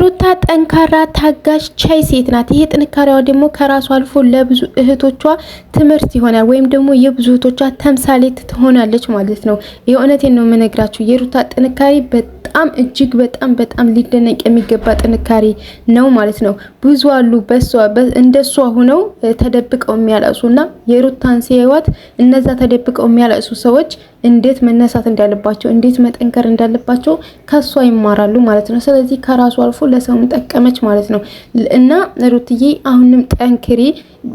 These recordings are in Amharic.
ሩታ ጠንካራ ታጋሽ ቻይ ሴት ናት። ይሄ ጥንካሬዋ ደግሞ ከራሱ አልፎ ለብዙ እህቶቿ ትምህርት ይሆናል ወይም ደግሞ የብዙ እህቶቿ ተምሳሌት ትሆናለች ማለት ነው። የእውነቴን ነው የምነግራችሁ የሩታ ጥንካሬ በጣም እጅግ በጣም በጣም ሊደነቅ የሚገባ ጥንካሬ ነው ማለት ነው። ብዙ አሉ በሷ እንደሷ ሆነው ተደብቀው የሚያለቅሱና የሩታን ሲያዩዋት እነዛ ተደብቀው የሚያለቅሱ ሰዎች እንዴት መነሳት እንዳለባቸው እንዴት መጠንከር እንዳለባቸው ከሷ ይማራሉ ማለት ነው። ስለዚህ ከራሱ አልፎ ለሰውም ጠቀመች ማለት ነው እና ሩትዬ አሁንም ጠንክሬ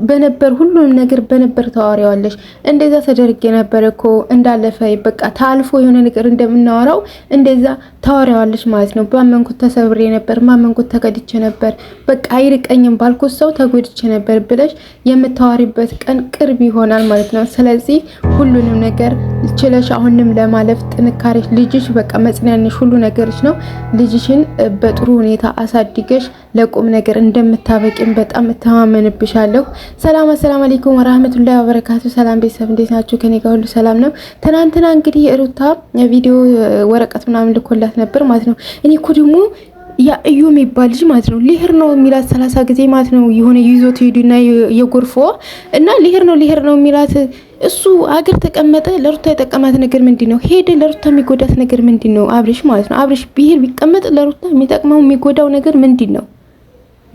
በነበር ሁሉንም ነገር በነበር ተዋሪዋለች። እንደዛ ተደርጌ ነበር እኮ እንዳለፈ በቃ ታልፎ የሆነ ነገር እንደምናወራው እንደዛ ታወሪዋለች ማለት ነው። ባመንኩት ተሰብሬ ነበር፣ ማመንኩት ተከድቼ ነበር፣ በቃ አይርቀኝም ባልኩት ሰው ተጎድቼ ነበር ብለሽ የምታወሪበት ቀን ቅርብ ይሆናል ማለት ነው። ስለዚህ ሁሉንም ነገር ችለሽ አሁንም ለማለፍ ጥንካሬሽ ልጅሽ በቃ መጽናኛሽ ሁሉ ነገርሽ ነው። ልጅሽን በጥሩ ሁኔታ አሳድገሽ ለቁም ነገር እንደምታበቂም በጣም እተማመንብሻለሁ። ሰላም አሰላም አለይኩም ወራህመቱላሂ ወበረካቱ። ሰላም ቤተሰብ እንዴት ናችሁ? ከኔ ጋር ሁሉ ሰላም ነው። ትናንትና እንግዲህ ሩታ ቪዲዮ ወረቀት ምናምን ልኮላት ነበር ማለት ነው። እኔ እኮ ደግሞ ያ እዩ የሚባል ልጅ ማለት ነው ሊሄር ነው የሚላት ሰላሳ ጊዜ ማለት ነው የሆነ ይዞት ሄዱና የጎርፎ እና ሊሄር ነው ሊሄር ነው የሚላት እሱ አገር ተቀመጠ። ለሩታ የጠቀማት ነገር ምንድን ነው? ሄደ። ለሩታ የሚጎዳት ነገር ምንድን ነው? አብርሽ ማለት ነው። አብሬሽ ብሄር ቢቀመጥ ለሩታ የሚጠቅመው የሚጎዳው ነገር ምንድን ነው?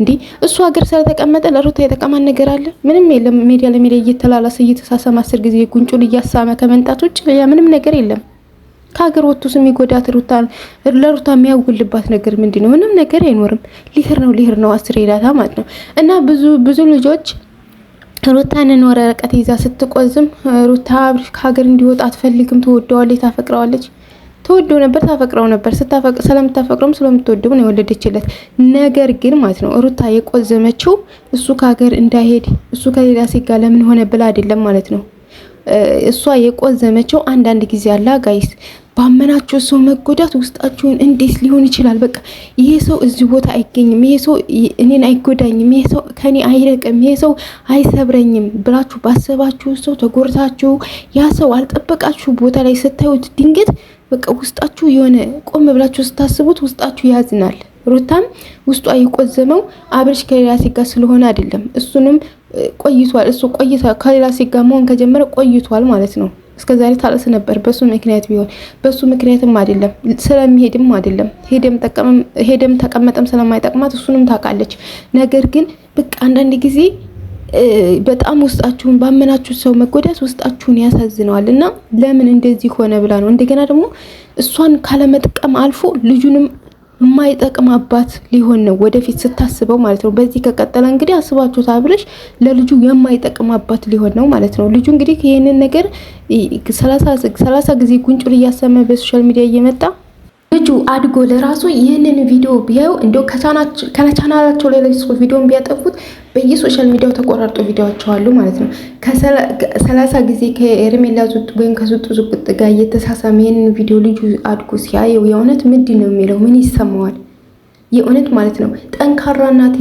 እንዲ እሱ ሀገር ስለተቀመጠ ለሩታ የጠቀማት ነገር አለ? ምንም የለም። ሜዲያ ለሜዲያ እየተላላሰ እየተሳሰመ አስር ጊዜ ጉንጩን እያሳመ ከመንጣት ውጭ ምንም ነገር የለም። ከሀገር ወጥቶ የሚጎዳት ሩታ ለሩታ የሚያውልባት ነገር ምንድን ነው? ምንም ነገር አይኖርም። ሊሄድ ነው ሊሄድ ነው አስር ሄዳታ ማለት ነው። እና ብዙ ብዙ ልጆች ሩታንን ወረቀት ይዛ ስትቆዝም ሩታ ከሀገር እንዲወጣ አትፈልግም። ትወደዋለች፣ ታፈቅረዋለች ተወደው ነበር ታፈቅረው ነበር። ስለምታፈቅረውም ስለምትወደው ነው የወለደችለት። ነገር ግን ማለት ነው ሩታ የቆዘመችው እሱ ከሀገር እንዳይሄድ እሱ ከሌላ ሴት ጋር ለምን ሆነ ብላ አይደለም ማለት ነው። እሷ የቆዘመችው አንዳንድ ጊዜ አላ ጋይስ ባመናቸው ሰው መጎዳት ውስጣችሁን እንዴት ሊሆን ይችላል? በቃ ይሄ ሰው እዚህ ቦታ አይገኝም፣ ይሄ ሰው እኔን አይጎዳኝም፣ ይሄ ሰው ከኔ አይርቅም፣ ይሄ ሰው አይሰብረኝም ብላችሁ ባሰባችሁ ሰው ተጎርታችሁ ያ ሰው አልጠበቃችሁ ቦታ ላይ ስታዩት ድንገት በቃ ውስጣችሁ የሆነ ቆም ብላችሁ ስታስቡት ውስጣችሁ ያዝናል። ሩታም ውስጧ የቆዘመው አብርሽ ከሌላ ሴት ጋር ስለሆነ አይደለም። እሱንም ቆይቷል። እሱ ቆይቷል ከሌላ ሴት ጋር መሆን ከጀመረ ቆይቷል ማለት ነው። እስከዛሬ ታለቅስ ነበር። በሱ ምክንያት ቢሆን በሱ ምክንያትም አይደለም ስለሚሄድም አይደለም ሄደም ተቀመጠም ስለማይጠቅማት እሱንም ታውቃለች። ነገር ግን በቃ አንዳንድ ጊዜ በጣም ውስጣችሁን ባመናችሁ ሰው መጎዳት ውስጣችሁን ያሳዝነዋል። እና ለምን እንደዚህ ሆነ ብላ ነው እንደገና ደግሞ እሷን ካለመጥቀም አልፎ ልጁንም የማይጠቅም አባት ሊሆን ነው ወደፊት ስታስበው ማለት ነው። በዚህ ከቀጠለ እንግዲህ አስባችሁት አብረሽ ለልጁ የማይጠቅም አባት ሊሆን ነው ማለት ነው። ልጁ እንግዲህ ይህንን ነገር ሰላሳ ጊዜ ጉንጩን እያሰመ በሶሻል ሚዲያ እየመጣ ልጁ አድጎ ለራሱ ይህንን ቪዲዮ ቢያዩ እንዲ ከቻናላቸው ሌሎች ቪዲዮን ቢያጠፉት በየሶሻል ሚዲያው ተቆራርጦ ቪዲዮዎች አሉ ማለት ነው። ከሰላሳ ጊዜ ከኤርሜላ ዙጥ ወይም ከዙጡ ዙቁጥ ጋር እየተሳሳመ ይህንን ቪዲዮ ልጁ አድጎ ሲያየው የእውነት ምንድን ነው የሚለው? ምን ይሰማዋል? የእውነት ማለት ነው ጠንካራ እናት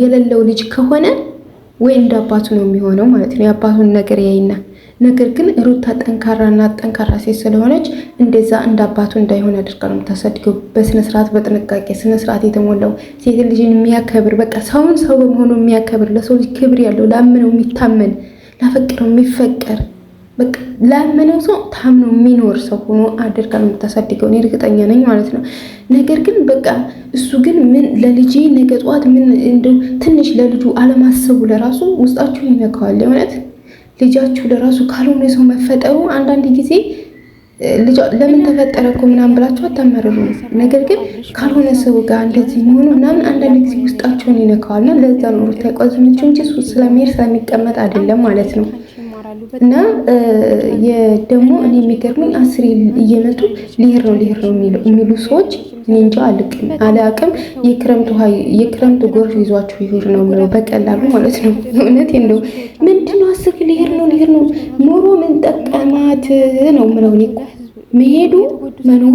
የሌለው ልጅ ከሆነ ወይ እንደ አባቱ ነው የሚሆነው ማለት ነው። የአባቱን ነገር ያይና ነገር ግን ሩታ ጠንካራና ጠንካራ ሴት ስለሆነች እንደዛ እንደ አባቱ እንዳይሆን አድርጋ ነው የምታሳድገው። በስነስርዓት በጥንቃቄ ስነስርዓት የተሞላው ሴት ልጅን የሚያከብር በቃ ሰውን ሰው በመሆኑ የሚያከብር ለሰው ልጅ ክብር ያለው ላምነው የሚታመን ላፈቅረው የሚፈቀር ለምነው ሰው ታምኖ የሚኖር ሰው ሆኖ አድርጋ ነው የምታሳድገው። እኔ እርግጠኛ ነኝ ማለት ነው። ነገር ግን በቃ እሱ ግን ምን ለልጅ ነገ ጠዋት ምን እንደ ትንሽ ለልጁ አለማሰቡ ለራሱ ውስጣችሁ ይነካዋል። የእውነት ልጃችሁ ለራሱ ካልሆነ ሰው መፈጠሩ አንዳንድ ጊዜ ለምን ተፈጠረ እኮ ምናምን ብላችሁ አታመረሩ። ነገር ግን ካልሆነ ሰው ጋር እንደዚህ የሚሆኑ ምናምን አንዳንድ ጊዜ ውስጣቸውን ይነካዋልና ለዛ ኖሩ ታይቋዝምቸው እንጂ ስለሚሄድ ስለሚቀመጥ አይደለም ማለት ነው። እና ደግሞ እኔ የሚገርመኝ አስር እየመጡ ሊሄድ ነው ሊሄድ ነው የሚሉ ሰዎች እኔ እንጃ አላቅም። የክረምቱ ጎርፍ ይዟችሁ ይሄድ ነው የምለው በቀላሉ ማለት ነው። እውነት እንደው ምንድን ነው አስር ሊሄድ ነው ሊሄድ ነው ኑሮ ምን ጠቀማት ነው የምለው እኔ እኮ መሄዱ መኖሩ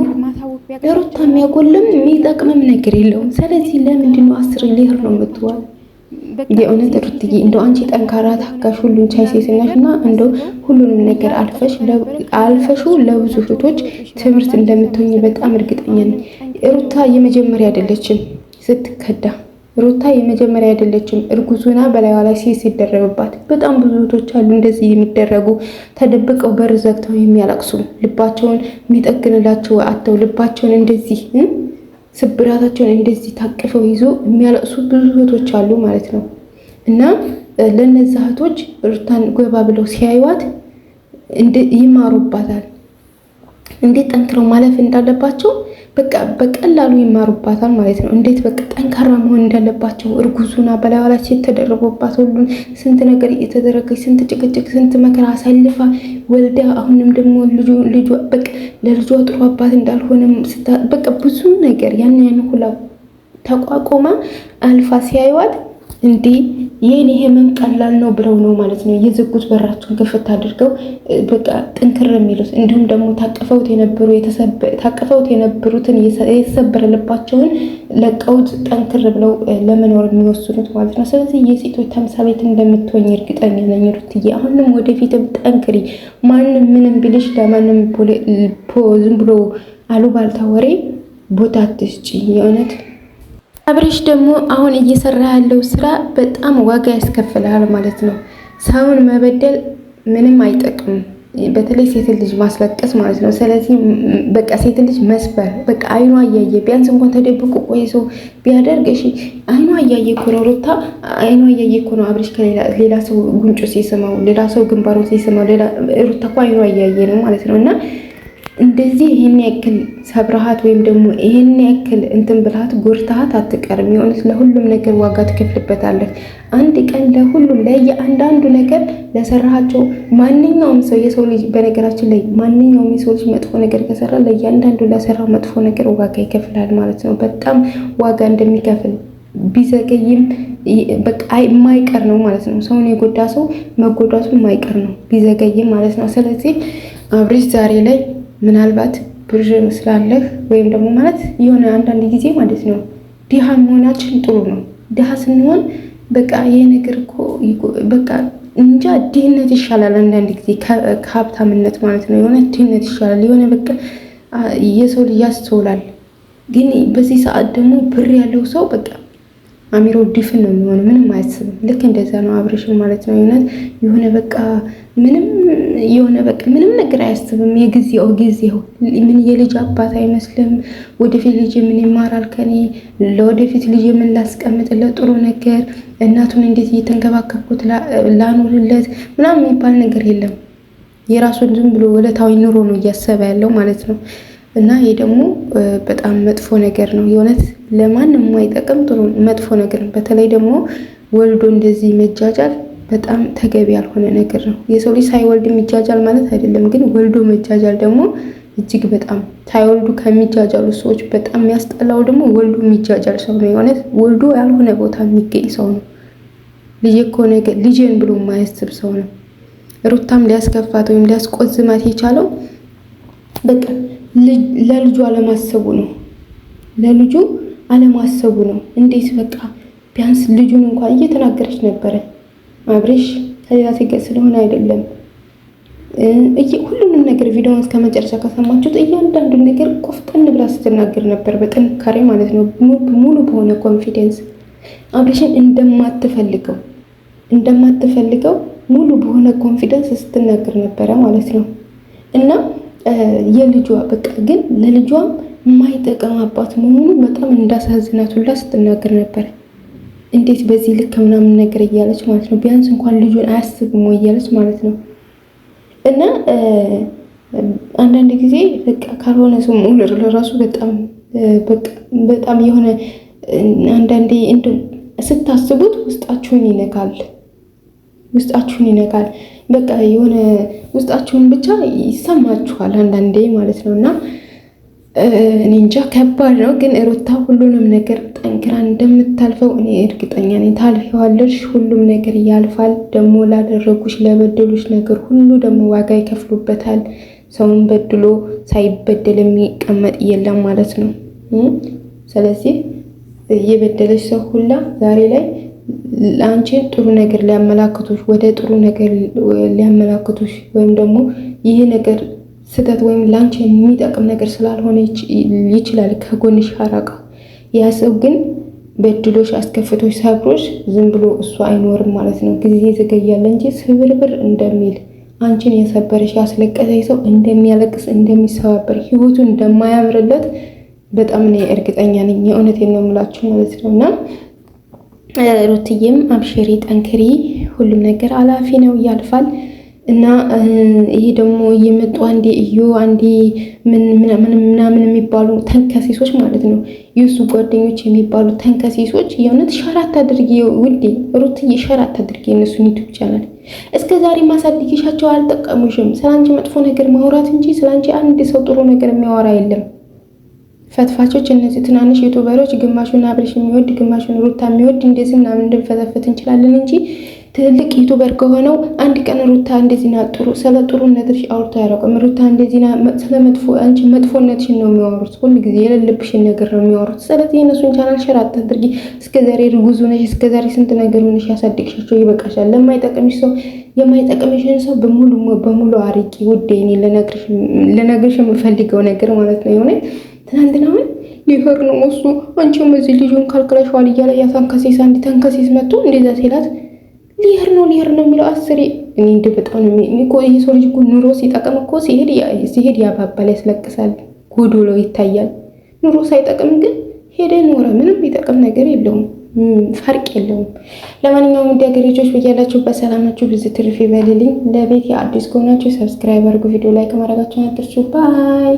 ለሩታ የሚያጎልም የሚጠቅምም ነገር የለውም። ስለዚህ ለምንድን ነው አስር ሊሄድ ነው የምትዋል? የእውነት ሩትዬ እንደ አንቺ ጠንካራ ታካሽ ሁሉን ቻይ ሴት ነሽ እና ሁሉንም ነገር አልፈሽ አልፈሹ ለብዙ እህቶች ትምህርት እንደምትሆኝ በጣም እርግጠኛ ነኝ። ሩታ የመጀመሪያ አይደለችም ስትከዳ ሩታ የመጀመሪያ አይደለችም። እርጉዙና በላይዋ ላይ ሴት ሲደረብባት በጣም ብዙ እህቶች አሉ እንደዚህ የሚደረጉ ተደብቀው በር ዘግተው የሚያለቅሱ ልባቸውን የሚጠግንላቸው አተው ልባቸውን እንደዚህ ስብራታቸውን እንደዚህ ታቅፈው ይዞ የሚያለቅሱ ብዙ እህቶች አሉ ማለት ነው። እና ለነዚህ እህቶች ሩታን ጎባ ብለው ሲያዩዋት ይማሩባታል፣ እንዴት ጠንክረው ማለፍ እንዳለባቸው በቃ በቀላሉ ይማሩባታል ማለት ነው። እንዴት በቃ ጠንካራ መሆን እንዳለባቸው እርጉዙና በላዋላች የተደረጉባት ሁሉም ስንት ነገር እየተደረገች ስንት ጭቅጭቅ፣ ስንት መከራ አሳልፋ ወልዳ አሁንም ደግሞ ልጇ በቃ ለልጇ ጥሩ አባት እንዳልሆነም በቃ ብዙ ነገር ያን ያን ሁላ ተቋቁማ አልፋ ሲያዩዋት እንዲህ ይህን ምን ቀላል ነው ብለው ነው ማለት ነው የዘጉት። በራቱን ክፍት አድርገው በቃ ጥንክር የሚሉት እንዲሁም ደግሞ ታቅፈውት የነበሩ ታቅፈውት የነበሩትን የተሰበረ ልባቸውን ለቀውት ጠንክር ብለው ለመኖር የሚወስኑት ማለት ነው። ስለዚህ የሴቶች ተምሳሌት እንደምትሆኝ እርግጠኛ ነኝ ሩትዬ። አሁንም ወደፊትም ጠንክሪ። ማንም ምንም ቢልሽ ለማንም ዝም ብሎ አሉባልታ ወሬ ቦታ አትስጪ የእውነት አብሬሽ ደግሞ አሁን እየሰራ ያለው ስራ በጣም ዋጋ ያስከፍልሃል ማለት ነው። ሰውን መበደል ምንም አይጠቅምም። በተለይ ሴት ልጅ ማስለቀስ ማለት ነው። ስለዚህ በቃ ሴት ልጅ መስበር በቃ አይኗ እያየ ቢያንስ እንኳን ተደብቆ ቆይ ሰው ቢያደርግ እሺ፣ አይኗ እያየ እኮ ነው ሩታ፣ አይኗ እያየ እኮ ነው አብርሽ። ሰው ጉንጮ ሲስመው፣ ሌላ ሰው ግንባሮ ሲስመው፣ ሩታ እኮ አይኗ እያየ ነው ማለት ነው እና እንደዚህ ይህን ያክል ሰብረሃት ወይም ደግሞ ይህን ያክል እንትን ብልሃት ጎርታሃት አትቀርም። የሆነት ለሁሉም ነገር ዋጋ ትከፍልበታለህ። አንድ ቀን ለሁሉም ለየአንዳንዱ ነገር ለሰራሃቸው ማንኛውም ሰው የሰው ልጅ በነገራችን ላይ ማንኛውም የሰው ልጅ መጥፎ ነገር ከሰራ ለእያንዳንዱ ለሰራው መጥፎ ነገር ዋጋ ይከፍላል ማለት ነው። በጣም ዋጋ እንደሚከፍል ቢዘገይም በቃ የማይቀር ነው ማለት ነው። ሰውን የጎዳ ሰው መጎዳቱ የማይቀር ነው ቢዘገይም ማለት ነው። ስለዚህ አብሬሽ ዛሬ ላይ ምናልባት ብር ስላለህ ወይም ደግሞ ማለት የሆነ አንዳንድ ጊዜ ማለት ነው ድሃ መሆናችን ጥሩ ነው። ድሃ ስንሆን በቃ ይህ ነገር እኮ በቃ እንጃ ድህነት ይሻላል አንዳንድ ጊዜ ከሀብታምነት ማለት ነው። የሆነ ድህነት ይሻላል። የሆነ በቃ የሰው ልጅ ያስተውላል። ግን በዚህ ሰዓት ደግሞ ብር ያለው ሰው በቃ አሚሮ ድፍን ነው የሚሆነው፣ ምንም አያስብም። ልክ እንደዛ ነው አብርሽን ማለት ነው የሆነ በቃ ምንም የሆነ በቃ ምንም ነገር አያስብም። የጊዜው ጊዜው ምን የልጅ አባት አይመስልም። ወደፊት ልጅ ምን ይማራል ከኔ ለወደፊት ልጅ ምን ላስቀምጥለት ጥሩ ነገር እናቱን እንዴት እየተንከባከብኩት ላኖርለት ምናምን የሚባል ነገር የለም። የራሱን ዝም ብሎ ወለታዊ ኑሮ ነው እያሰበ ያለው ማለት ነው። እና ይህ ደግሞ በጣም መጥፎ ነገር ነው። የእውነት ለማንም የማይጠቅም ጥሩ መጥፎ ነገር ነው። በተለይ ደግሞ ወልዶ እንደዚህ መጃጃል በጣም ተገቢ ያልሆነ ነገር ነው። የሰው ልጅ ሳይወልድ የሚጃጃል ማለት አይደለም፣ ግን ወልዶ መጃጃል ደግሞ እጅግ በጣም ሳይወልዱ ከሚጃጃሉ ሰዎች በጣም የሚያስጠላው ደግሞ ወልዶ የሚጃጃል ሰው ነው። የሆነ ወልዶ ያልሆነ ቦታ የሚገኝ ሰው ነው። ልጅ እኮ ነገ ልጄን ብሎ የማያስብ ሰው ነው። ሩታም ሊያስከፋት ወይም ሊያስቆዝማት የቻለው በቃ ለልጁ አለማሰቡ ነው። ለልጁ አለማሰቡ ነው። እንዴት በቃ ቢያንስ ልጁን እንኳን እየተናገረች ነበረ አብሬሽ ከሌላ ሴት ጋር ስለሆነ አይደለም። ሁሉንም ነገር ቪዲዮውን እስከ መጨረሻ ከሰማችሁት እያንዳንዱ ነገር ቆፍጠን ብላ ስትናገር ነበር፣ በጥንካሬ ማለት ነው። ሙሉ በሆነ ኮንፊደንስ አብሬሽን እንደማትፈልገው እንደማትፈልገው ሙሉ በሆነ ኮንፊደንስ ስትናገር ነበረ ማለት ነው። እና የልጇ በቃ ግን ለልጇም የማይጠቅም አባት መሆኑ በጣም እንዳሳዝናት ሁላ ስትናገር ነበር። እንዴት በዚህ ልክ ምናምን ነገር እያለች ማለት ነው። ቢያንስ እንኳን ልጁን አያስብም ወይ እያለች ማለት ነው። እና አንዳንድ ጊዜ በቃ ካልሆነ ሰው መውለድ ለራሱ በጣም በጣም የሆነ አንዳንዴ እንደ ስታስቡት ውስጣችሁን ይነካል፣ ውስጣችሁን ይነካል። በቃ የሆነ ውስጣችሁን ብቻ ይሰማችኋል አንዳንዴ ማለት ነው እና እኔ እንጃ ከባድ ነው፣ ግን ሩታ ሁሉንም ነገር ጠንክራ እንደምታልፈው እኔ እርግጠኛ ነኝ። ታልፈዋለሽ፣ ሁሉም ነገር ያልፋል። ደግሞ ላደረጉሽ ለበደሉሽ ነገር ሁሉ ደግሞ ዋጋ ይከፍሉበታል። ሰውን በድሎ ሳይበደል የሚቀመጥ የለም ማለት ነው። ስለዚህ የበደለሽ ሰው ሁላ ዛሬ ላይ አንቺን ጥሩ ነገር ሊያመላክቶሽ ወደ ጥሩ ነገር ሊያመላክቶሽ ወይም ደግሞ ይህ ነገር ስህተት ወይም ላንቺ የሚጠቅም ነገር ስላልሆነ ይችላል ከጎንሽ አራቃ። ያ ሰው ግን በድሎሽ፣ አስከፍቶች ሰብሮች ዝም ብሎ እሱ አይኖርም ማለት ነው። ጊዜ ዘገያለ እንጂ ስብርብር እንደሚል አንቺን የሰበረሽ ያስለቀሰሽ ሰው እንደሚያለቅስ እንደሚሰባበር ህይወቱን እንደማያምርለት በጣም እኔ እርግጠኛ ነኝ። የእውነቴን ነው የምላችሁ ማለት ነው እና ሩትዬም አብሽሪ፣ ጠንክሪ፣ ሁሉም ነገር አላፊ ነው፣ ያልፋል። እና ይሄ ደግሞ እየመጡ አንዴ እዩ አንዴ ምናምን የሚባሉ ተንከሲሶች ማለት ነው። የእሱ ጓደኞች የሚባሉ ተንከሴሶች የእውነት ሸራት አድርጌ ውዴ ሩትዬ ሸራት አድርጌ እነሱን ዩቱብ ቻናል እስከ ዛሬ ማሳደግሻቸው አልጠቀሙሽም። ስላንቺ መጥፎ ነገር ማውራት እንጂ ስላንቺ አንድ ሰው ጥሩ ነገር የሚያወራ የለም። ፈትፋቾች እነዚህ ትናንሽ ዩቱበሮች ግማሹን አብርሽ የሚወድ ግማሹን ሩታ የሚወድ እንደዚህ ምናምን እንድንፈተፍት እንችላለን እንጂ ትልቅ ዩቱበር ከሆነው አንድ ቀን ሩታ እንደዚህ ናት ጥሩ ስለ ጥሩነትሽ አውርቶ አያውቅም። ሩታ እንደዚህ ና ስለ መጥፎ አንቺ መጥፎነትሽን ነው የሚያወሩት፣ ሁሉ ጊዜ የሌለብሽን ነገር ነው የሚያወሩት። ስለዚህ የነሱን ቻናል ሸር አታድርጊ። እስከ ዛሬ ርጉዝ ነሽ፣ እስከ ዛሬ ስንት ነገር ነሽ ያሳደግሻቸው ይበቃሻል። ለማይጠቅምሽ ሰው የማይጠቅምሽን ሰው በሙሉ በሙሉ አርቂ ውዴ። እኔ ልነግርሽ የምፈልገው ነገር ማለት ነው የሆነ ትናንትናምን ሊፈር ነው እሱ አንቺም እዚህ ልጁን ካልክለሽዋል እያለ ያተንከሴስ አንድ ተንከሴስ መጥቶ እንደዛ ሲላት ሊሄድ ነው ሊሄድ ነው የሚለው አስሬ እኔ እንደ በጣም ይህ ሰው ልጅ ኑሮ ሲጠቅም እኮ ሲሄድ ያባባል፣ ያስለቅሳል፣ ጎዶሎ ይታያል። ኑሮ ሳይጠቅም ግን ሄደ ኖረ፣ ምንም ይጠቅም ነገር የለውም፣ ፈርቅ የለውም። ለማንኛውም እንዲ ሀገር ልጆች በሰላማችሁ ብዙ ትርፍ ይበልልኝ። ለቤት የአዲስ ከሆናችሁ ሰብስክራይብ አድርጉ፣ ቪዲዮ ላይክ ማድረጋችሁን አትርሱ። ባይ